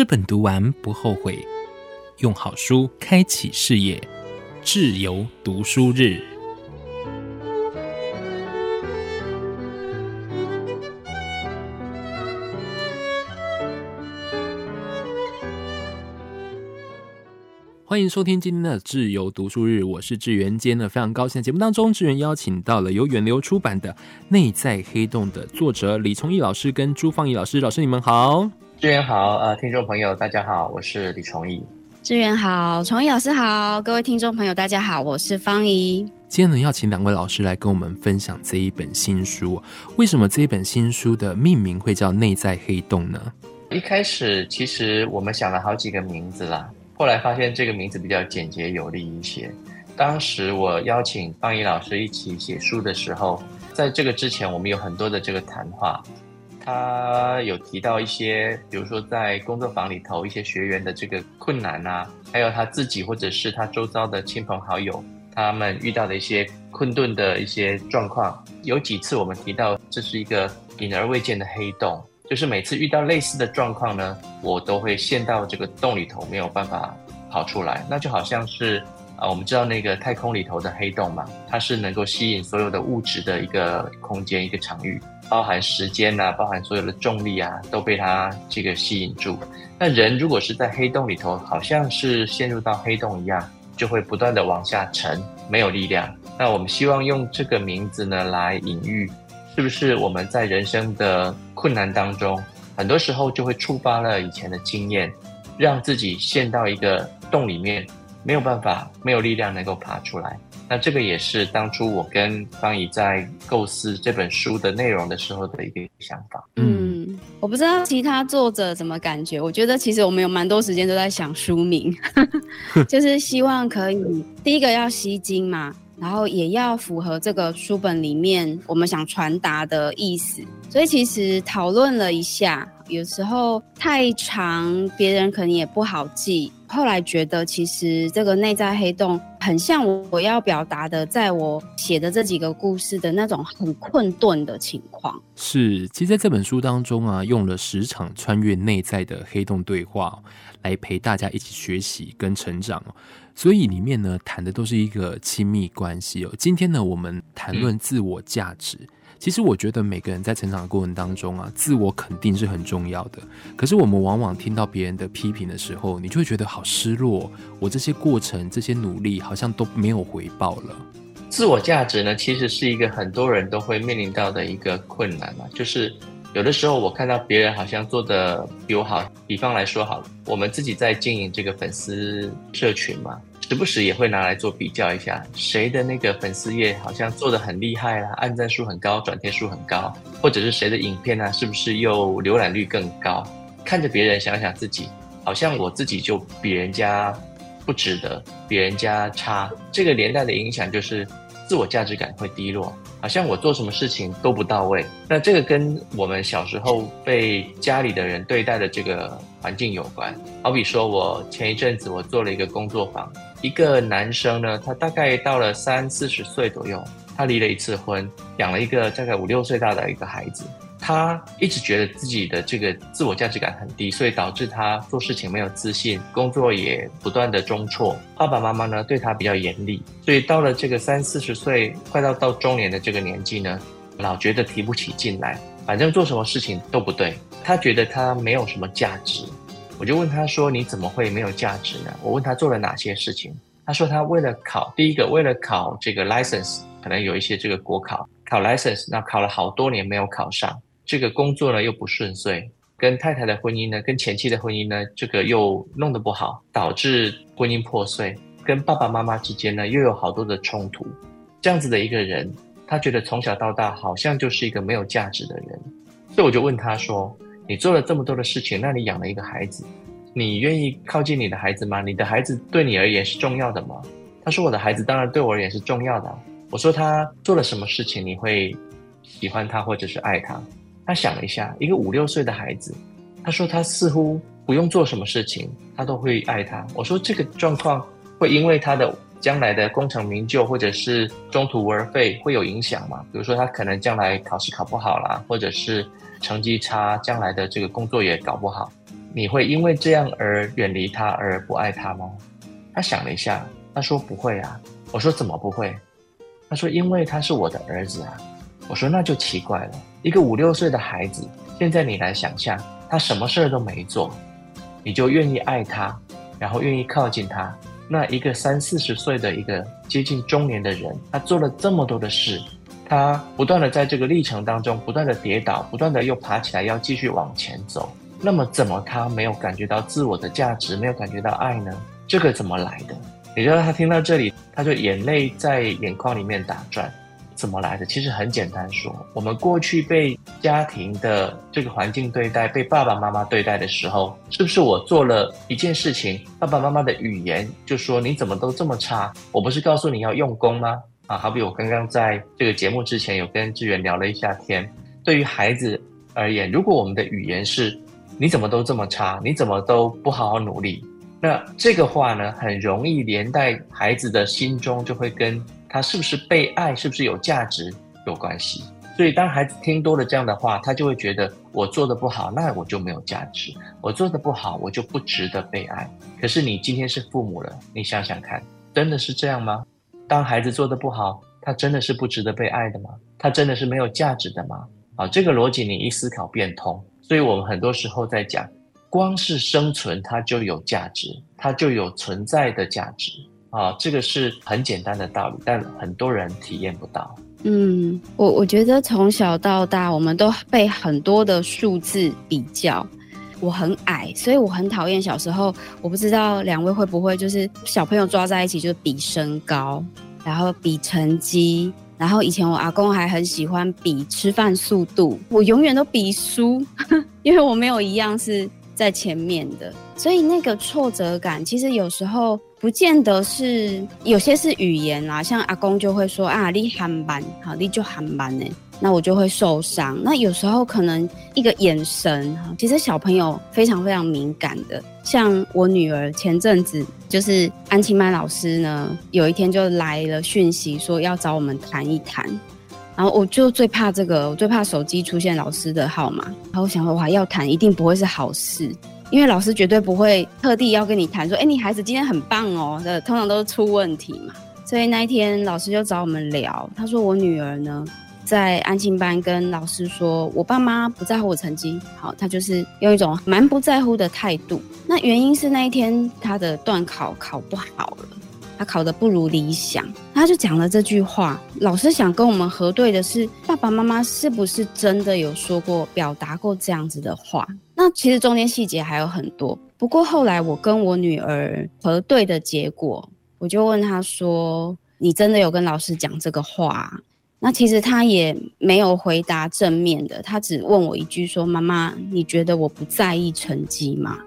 這本讀完不後悔，用好書開啟視野，智由讀書日。歡迎收聽今天的智由讀書日，我是志源，今天呢，非常高興在節目當中，志源邀請到了由遠流出版的《內在黑洞》的作者李崇義老師跟朱芳儀老師。老師，你們好。智由好，呃，聽眾朋，朋友大家好，我是李崇義。智由好，崇義老師好，各位聽眾朋友大家好，我是芳儀。今天呢，要請兩位老師來跟我們分享這一本新書，為什麼這一本新書的命名會叫“內在黑洞”呢？一開始其實我們想了好幾個名字啦，後來發現這個名字比較簡潔有力一些。當時我邀請芳儀老師一起寫書的時候，在這個之前我們有很多的這個談話。他有提到一些，比如說在工作坊裡頭一些學員的這個困難吶、啊，還有他自己或者是他周遭的親朋好友，他們遇到的一些困頓的一些狀況。有幾次我們提到這是一個隱而未見的黑洞，就是每次遇到類似的狀況呢，我都會陷到這個洞裡頭，沒有辦法跑出來。那就好像是啊，我們知道那個太空裡頭的黑洞嘛，它是能夠吸引所有的物質的一個空間、一個場域。包含時間吶、啊，包含所有的重力啊，都被它這個吸引住。那人如果是在黑洞裡頭，好像是陷入到黑洞一樣，就會不斷的往下沉，沒有力量。那我們希望用這個名字呢來隱喻，是不是我們在人生的困難當中，很多時候就會觸發了以前的經驗，讓自己陷到一個洞裡面，沒有辦法，沒有力量能夠爬出來。那這個也是當初我跟芳儀在構思這本書的內容的時候的一個想法。嗯，我不知道其他作者怎麼感覺。我覺得其實我們有蠻多時間都在想書名， 就是希望可以 第一個要吸睛嘛，然後也要符合這個書本裡面我們想傳達的意思。所以其實討論了一下，有時候太長別人可能也不好記。後來覺得其實這個內在黑洞。很像我要表達的，在我寫的這幾個故事的那種很困頓的情況。是，其實在這本書當中啊，用了十場穿越內在的黑洞對話哦，來陪大家一起學習跟成長哦。所以裡面呢，談的都是一個親密關係哦。今天呢，我們談論自我價值。嗯其實我覺得每個人在成長的過程當中啊，自我肯定是很重要的。可是我們往往聽到別人的批評的時候，你就會覺得好失落，我這些過程、這些努力好像都沒有回報了。自我價值呢，其實是一個很多人都會面臨到的一個困難嘛。就是有的時候我看到別人好像做得比我好，比方來說好了，我們自己在經營這個粉絲社群嘛。時不時也會拿來做比較一下，誰的那個粉絲頁好像做得很厲害啦、啊，按讚數很高，轉帖數很高，或者是誰的影片呢、啊？是不是又瀏覽率更高？看着別人，想想自己，好像我自己就比人家不值得，比人家差。這個年代的影響就是自我價值感會低落，好像我做什麼事情都不到位。那這個跟我們小時候被家裡的人對待的這個環境有關。好比說，我前一陣子我做了一個工作坊。一個男生呢，他大概到了三四十歲左右，他離了一次婚，養了一個大概五六歲大的一個孩子。他一直覺得自己的這個自我價值感很低，所以導致他做事情沒有自信，工作也不斷的重挫。爸爸媽媽呢，對他比較嚴厲，所以到了這個三四十歲，快到到中年的這個年紀呢，老覺得提不起勁來，反正做什麼事情都不對，他覺得他沒有什麼價值。我就問他說：“你怎麼會沒有價值呢？”我問他做了哪些事情？他說他為了考第一個，為了考這個 license，可能有一些這個國考考 license，那考了好多年沒有考上。這個工作呢又不順遂，跟太太的婚姻呢，跟前妻的婚姻呢，這個又弄得不好，導致婚姻破碎。跟爸爸媽媽之間呢又有好多的衝突。這樣子的一個人，他覺得從小到大好像就是一個沒有價值的人。所以我就問他說，你做了這麼多的事情，那你養了一個孩子，你願意靠近你的孩子嗎？你的孩子對你而言是重要的嗎？他說：“我的孩子當然對我而言是重要的啊。”我說：“他做了什麼事情，你會喜歡他或者是愛他？”他想了一下，一個五六歲的孩子，他說：“他似乎不用做什麼事情，他都會愛他。”我說：“這個狀況會因為他的將來的功成名就或者是中途而廢會有影響嗎？比如說他可能將來考試考不好啦，或者是……”成績差，將來的這個工作也搞不好，你會因為這樣而遠離他而不愛他嗎？他想了一下，他說不會啊。我說怎麼不會？他說因為他是我的兒子啊。我說那就奇怪了，一個五六歲的孩子，現在你來想象，他什麼事兒都沒做，你就願意愛他，然後願意靠近他。那一個三四十歲的一個接近中年的人，他做了這麼多的事。他不斷的在這個歷程當中不斷的跌倒，不斷的又爬起來要繼續往前走。那麼，怎麼他沒有感覺到自我的價值，沒有感覺到愛呢？這個怎麼來的？你知道他聽到這裡，他就眼淚在眼眶裡面打轉。怎麼來的？其實很簡單說，說我們過去被家庭的這個環境對待，被爸爸媽媽對待的時候，是不是我做了一件事情，爸爸媽媽的語言就說你怎麼都這麼差？我不是告訴你要用功嗎？啊，好比我剛剛在這個節目之前有跟志遠聊了一下天，對於孩子而言，如果我們的語言是“你怎麼都這麼差，你怎麼都不好好努力”，那這個話呢，很容易連帶孩子的心中就會跟他是不是被愛、是不是有價值有關係。所以當孩子聽多了這樣的話，他就會覺得我做得不好，那我就沒有價值，我做得不好，我就不值得被愛。可是你今天是父母了，你想想看，真的是這樣嗎？當孩子做得不好，他真的是不值得被愛的嗎？他真的是沒有價值的嗎？啊，這個邏輯你一思考變通。所以我們很多時候在講，光是生存，它就有價值，它就有存在的價值啊，這個是很簡單的道理，但很多人體驗不到。嗯，我我覺得從小到大，我們都被很多的數字比較。我很矮，所以我很討厭小時候。我不知道兩位會不會就是小朋友抓在一起就是比身高，然後比成績，然後以前我阿公還很喜歡比吃飯速度。我永遠都比輸，因為我沒有一樣是在前面的，所以那個挫折感其實有時候不見得是，有些是語言啦，像阿公就會說啊，你很慢，好，你就很慢呢。那我就會受傷。那有時候可能一個眼神，其實小朋友非常非常敏感的。像我女兒前陣子，就是安琪曼老師呢，有一天就來了訊息說要找我們談一談。然後我就最怕這個，我最怕手機出現老師的號碼。然後我想說，哇，要談一定不會是好事，因為老師絕對不會特地要跟你談說，哎，你孩子今天很棒哦。這通常都是出問題嘛。所以那一天老師就找我們聊，他說我女兒呢。在安親班跟老師說，我爸媽不在乎我成績。好，他就是用一種蠻不在乎的態度。那原因是那一天他的段考考不好了，他考得不如理想，他就講了這句話。老師想跟我們核對的是，爸爸媽媽是不是真的有說過、表達過這樣子的話？那其實中間細節還有很多。不過後來我跟我女兒核對的結果，我就問他說：“你真的有跟老師講這個話？”那其實他也沒有回答正面的，他只問我一句說：“媽媽，你覺得我不在意成績嗎？”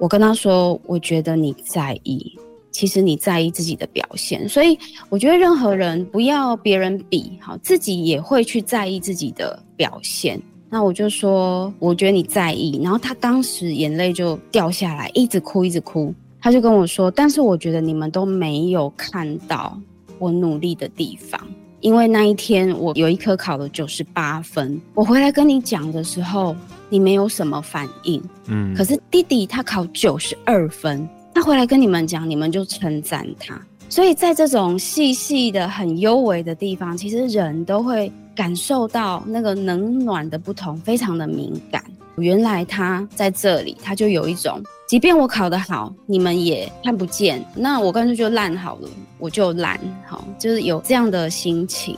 我跟他說：“我覺得你在意，其實你在意自己的表現。”所以我覺得任何人不要別人比，好，自己也會去在意自己的表現。那我就說：“我覺得你在意。”然後他當時眼淚就掉下來，一直哭，一直哭。他就跟我說：“但是我覺得你們都沒有看到我努力的地方。”因為那一天我有一科考了九十八分，我回來跟你講的時候，你沒有什麼反應，嗯，可是弟弟他考九十二分，他回來跟你們講，你們就稱讚他。所以在這種細細的、很幽微的地方，其實人都會感受到那個冷暖的不同，非常的敏感。原來他在這裡，他就有一種。即便我考得好，你們也看不見。那我乾脆就爛好了，我就爛好，就是有這樣的心情。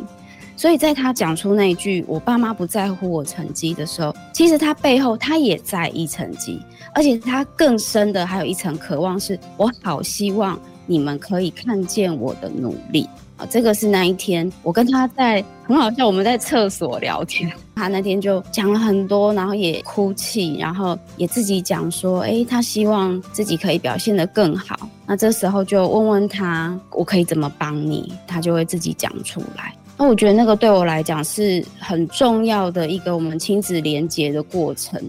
所以在他講出那一句“我爸媽不在乎我成績”的時候，其實他背後他也在意成績，而且他更深的還有一層渴望是，是我好希望你們可以看見我的努力。這個是那一天，我跟他在很好笑，我們在廁所聊天。他那天就講了很多，然後也哭泣，然後也自己講說：“誒，他希望自己可以表現得更好。”那這時候就問問他：“我可以怎麼幫你？”他就會自己講出來。那我覺得那個對我來講是很重要的一個我們親子連接的過程。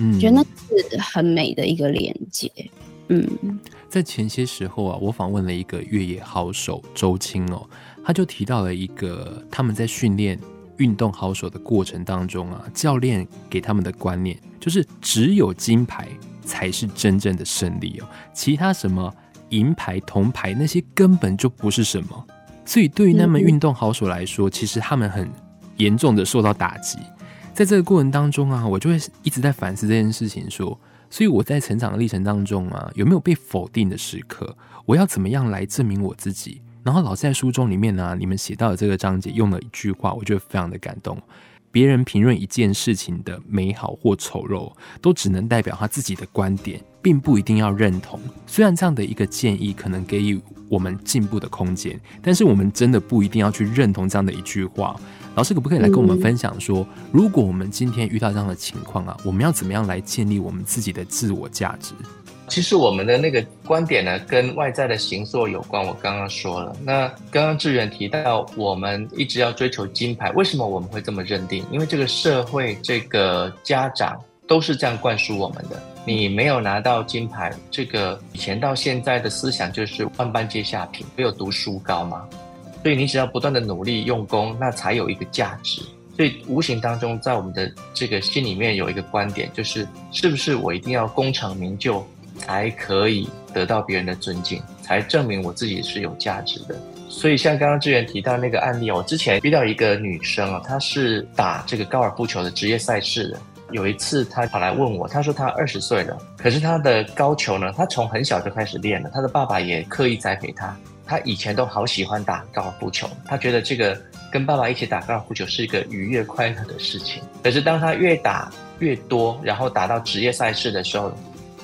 嗯，覺得那是很美的一個連接。嗯。在前些時候啊，我訪問了一個越野好手周青哦，他就提到了一個他們在訓練運動好手的過程當中啊，教練給他們的觀念就是只有金牌才是真正的勝利哦，其他什麼銀牌、銅牌那些根本就不是什麼。所以對於他們運動好手來說，其實他們很嚴重的受到打擊。在這個過程當中啊，我就會一直在反思這件事情說。所以我在成長的歷程當中啊，有沒有被否定的時刻？我要怎麼樣來證明我自己？然後老師在書中裡面呢、啊，你們寫到的這個章節，用了一句話，我覺得非常的感動。別人評論一件事情的美好或醜陋，都只能代表他自己的觀點，並不一定要認同。雖然這樣的一個建議可能給予我們進步的空間，但是我們真的不一定要去認同這樣的一句話。老師可不可以來跟我們分享說、嗯，如果我們今天遇到這樣的情況啊，我們要怎麼樣來建立我們自己的自我價值？其實我們的那個觀點呢，跟外在的形塑有關。我剛剛說了，那剛剛志遠提到，我們一直要追求金牌，為什麼我們會這麼認定？因為這個社會、這個家長都是這樣灌輸我們的。你沒有拿到金牌，這個以前到現在的思想就是萬般皆下品，唯有讀書高嘛。所以你只要不斷的努力用功，那才有一個價值。所以無形當中，在我們的這個心裡面有一個觀點，就是是不是我一定要功成名就，才可以得到別人的尊敬，才證明我自己是有價值的？所以像剛剛志遠提到那個案例，我之前遇到一個女生啊，她是打這個高爾夫球的職業賽事的。有一次她跑來問我，她說她二十歲了，可是她的高球呢，她從很小就開始練了，她的爸爸也刻意栽培她。他以前都好喜歡打高爾夫球，他覺得這個跟爸爸一起打高爾夫球是一個愉悅快樂的事情。可是當他越打越多，然後打到職業賽事的時候，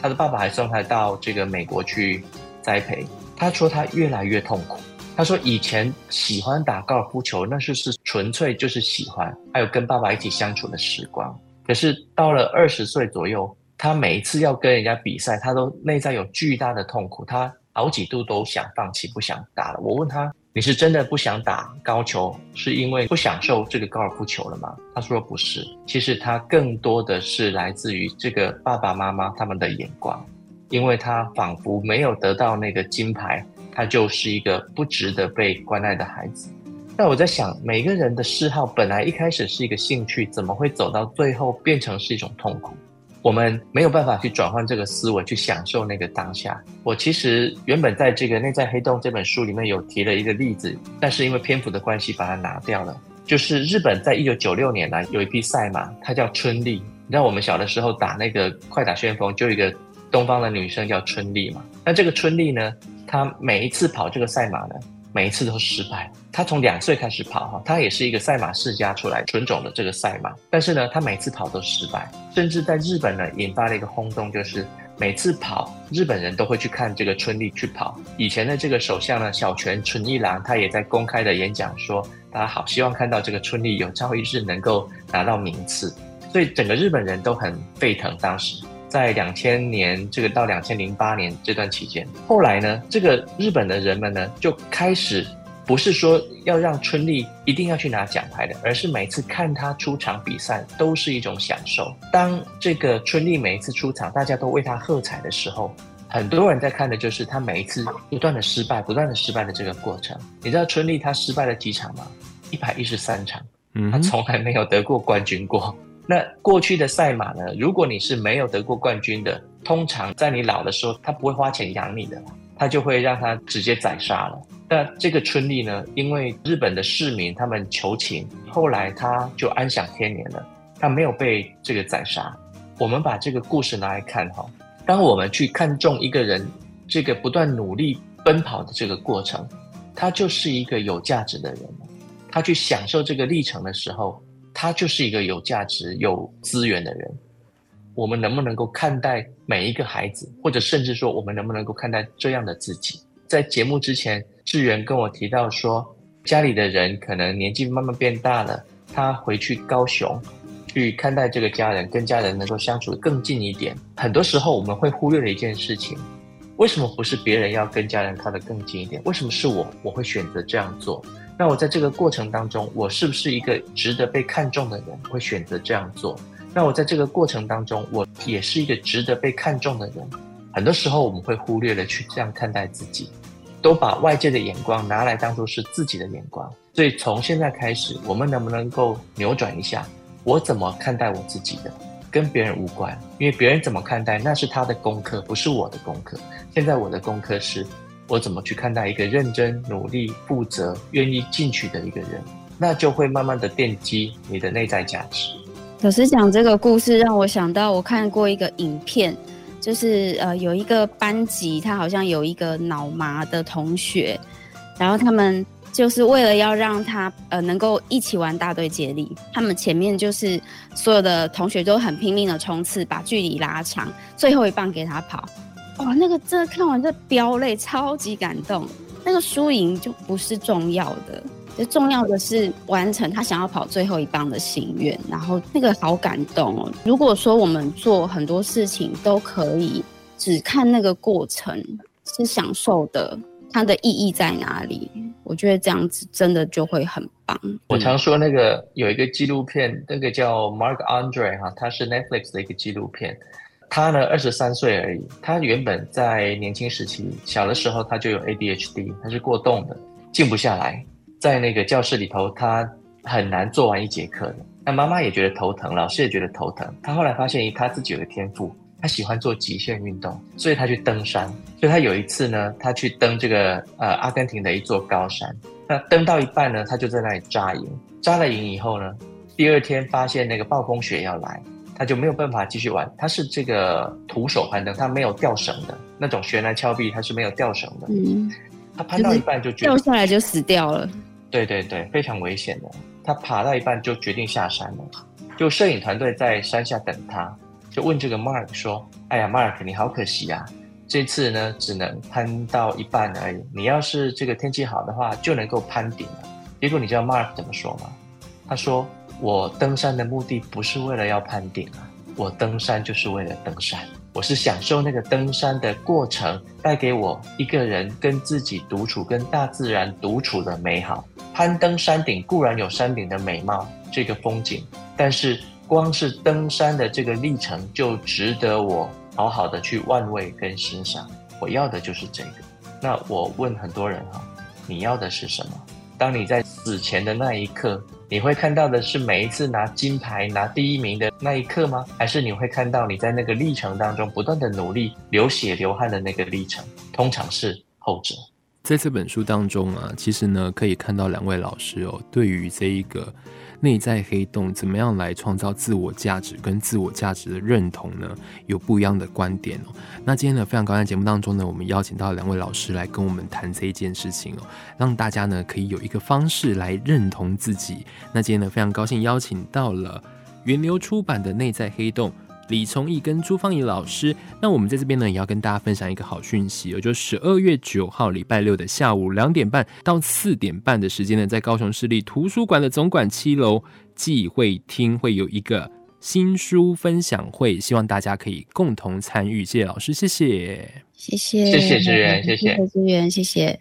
他的爸爸還送他到這個美國去栽培。他說他越來越痛苦。他說以前喜歡打高爾夫球，那就是純粹就是喜歡，還有跟爸爸一起相處的時光。可是到了二十歲左右，他每一次要跟人家比賽，他都內在有巨大的痛苦。他。好幾度都想放棄，不想打了。我問他：“你是真的不想打高球，是因為不享受這個高爾夫球了嗎？”他說：“不是，其實他更多的是來自於這個爸爸媽媽他們的眼光，因為他仿佛沒有得到那個金牌，他就是一個不值得被關愛的孩子。”但我在想，每個人的嗜好本來一開始是一個興趣，怎麼會走到最後變成是一種痛苦？我們沒有辦法去轉換這個思維，去享受那個當下。我其實原本在這個《內在黑洞》這本書裡面有提了一個例子，但是因為篇幅的關係把它拿掉了。就是日本在一九九六年呢，有一匹賽馬，它叫春麗。你知道我們小的時候打那個快打旋風，就有一個東方的女生叫春麗嘛？那這個春麗呢，她每一次跑這個賽馬呢？每一次都失敗。他從兩歲開始跑，哈，他也是一個賽馬世家出來，純種的這個賽馬。但是呢，他每次跑都失敗，甚至在日本呢引發了一個轟動，就是每次跑，日本人都會去看這個春麗去跑。以前的這個首相呢，小泉純一郎，他也在公開的演講說，他好希望看到這個春麗有朝一日能夠拿到名次，所以整個日本人都很沸騰當時。在兩千年這個到兩千零八年這段期間，後來呢，這個日本的人們呢就開始，不是說要讓春麗一定要去拿獎牌的，而是每次看她出場比賽都是一種享受。當這個春麗每一次出場，大家都為她喝彩的時候，很多人在看的就是她每一次不斷的失敗、不斷的失敗的這個過程。你知道春麗她失敗了幾場嗎？一百一十三場，她從來沒有得過冠軍過。那過去的賽馬呢？如果你是沒有得過冠軍的，通常在你老的時候，他不會花錢養你的，他就會讓他直接宰殺了。那這個春麗呢，因為日本的市民他們求情，後來他就安享天年了，他沒有被這個宰殺。我們把這個故事拿來看哈，當我們去看重一個人這個不斷努力奔跑的這個過程，他就是一個有價值的人。他去享受這個歷程的時候。他就是一個有價值、有資源的人。我們能不能夠看待每一個孩子，或者甚至說，我們能不能夠看待這樣的自己？在節目之前，志源跟我提到說，家裡的人可能年紀慢慢變大了，他回去高雄去看待這個家人，跟家人能夠相處更近一點。很多時候我們會忽略了一件事情，為什麼不是別人要跟家人靠得更近一點？為什麼是我？我會選擇這樣做。那我在這個過程當中，我是不是一個值得被看重的人，會選擇這樣做？那我在這個過程當中，我也是一個值得被看重的人。很多時候我們會忽略了去這樣看待自己，都把外界的眼光拿來當作是自己的眼光。所以從現在開始，我們能不能夠扭轉一下？我怎麼看待我自己的，跟別人無關，因為別人怎麼看待那是他的功課，不是我的功課。現在我的功課是。我怎麼去看待一個認真、努力、負責、願意進取的一個人，那就會慢慢的奠基你的內在價值。老師講這個故事，讓我想到我看過一個影片，就是呃有一個班級，他好像有一個腦麻的同學，然後他們就是為了要讓他呃能夠一起玩大隊接力，他們前面就是所有的同學都很拼命的衝刺，把距離拉長，最後一棒給他跑。哇、哦，那個真的看完這飆淚，超級感動。那個輸贏就不是重要的，就重要的是完成他想要跑最後一棒的心願。然後那個好感動哦。如果說我們做很多事情都可以只看那個過程是享受的，它的意義在哪裡？我覺得這樣子真的就會很棒。我常說那個有一個紀錄片，那個叫、啊《Mark Andre》哈，它是 Netflix 的一個紀錄片。他呢，二十三歲而已。他原本在年輕時期，小的時候他就有 ADHD，他是過動的，靜不下來。在那個教室裡頭，他很難做完一節課的。那媽媽也覺得頭疼，老師也覺得頭疼。他後來發現，他自己有個天賦，他喜歡做極限運動，所以他去登山。所以他有一次呢，他去登這個呃阿根廷的一座高山。那登到一半呢，他就在那裡扎營。扎了營以後呢，第二天發現那個暴風雪要來。他就沒有辦法繼續玩，他是這個徒手攀登，他沒有吊繩的，那種懸崖峭壁，他是沒有吊繩的。嗯，他攀到一半就掉下來就死掉了。對對對，非常危險的。他爬到一半就決定下山了，就攝影團隊在山下等他，就問這個 Mark 說：“哎呀，Mark 你好可惜啊，這次呢只能攀到一半而已。你要是這個天氣好的話，就能夠攀頂了。”結果你知道 Mark 怎麼說嗎？他說，我登山的目的不是為了要攀頂、啊，我登山就是為了登山。我是享受那個登山的過程帶給我一個人跟自己獨處、跟大自然獨處的美好。攀登山頂固然有山頂的美貌，這個風景，但是光是登山的這個歷程就值得我好好的去玩味跟欣賞。我要的就是這個。那我問很多人哈、啊，你要的是什麼？當你在死前的那一刻。你會看到的是每一次拿金牌，拿第一名的那一刻嗎？還是你會看到你在那個歷程當中不斷的努力、流血流汗的那個歷程？通常是後者。在這本書當中啊，其實呢，可以看到兩位老師哦，對於這一個。內在黑洞怎麼樣來創造自我價值跟自我價值的認同呢？有不一樣的觀點哦。那今天呢，非常高興節目當中呢，我們邀請到兩位老師來跟我們談這一件事情哦，讓大家呢可以有一個方式來認同自己。那今天呢，非常高興邀請到了遠流出版的內在黑洞，李崇義跟朱芳儀老師，那我們在這邊呢，也要跟大家分享一個好訊息，也就十二月九號禮拜六的下午兩點半到四點半的時間呢，在高雄市立圖書館的總館七樓集會廳會有一個新書分享會，希望大家可以共同參與。謝謝老師，謝謝，謝謝，謝謝支援，謝謝支援，謝謝。謝謝。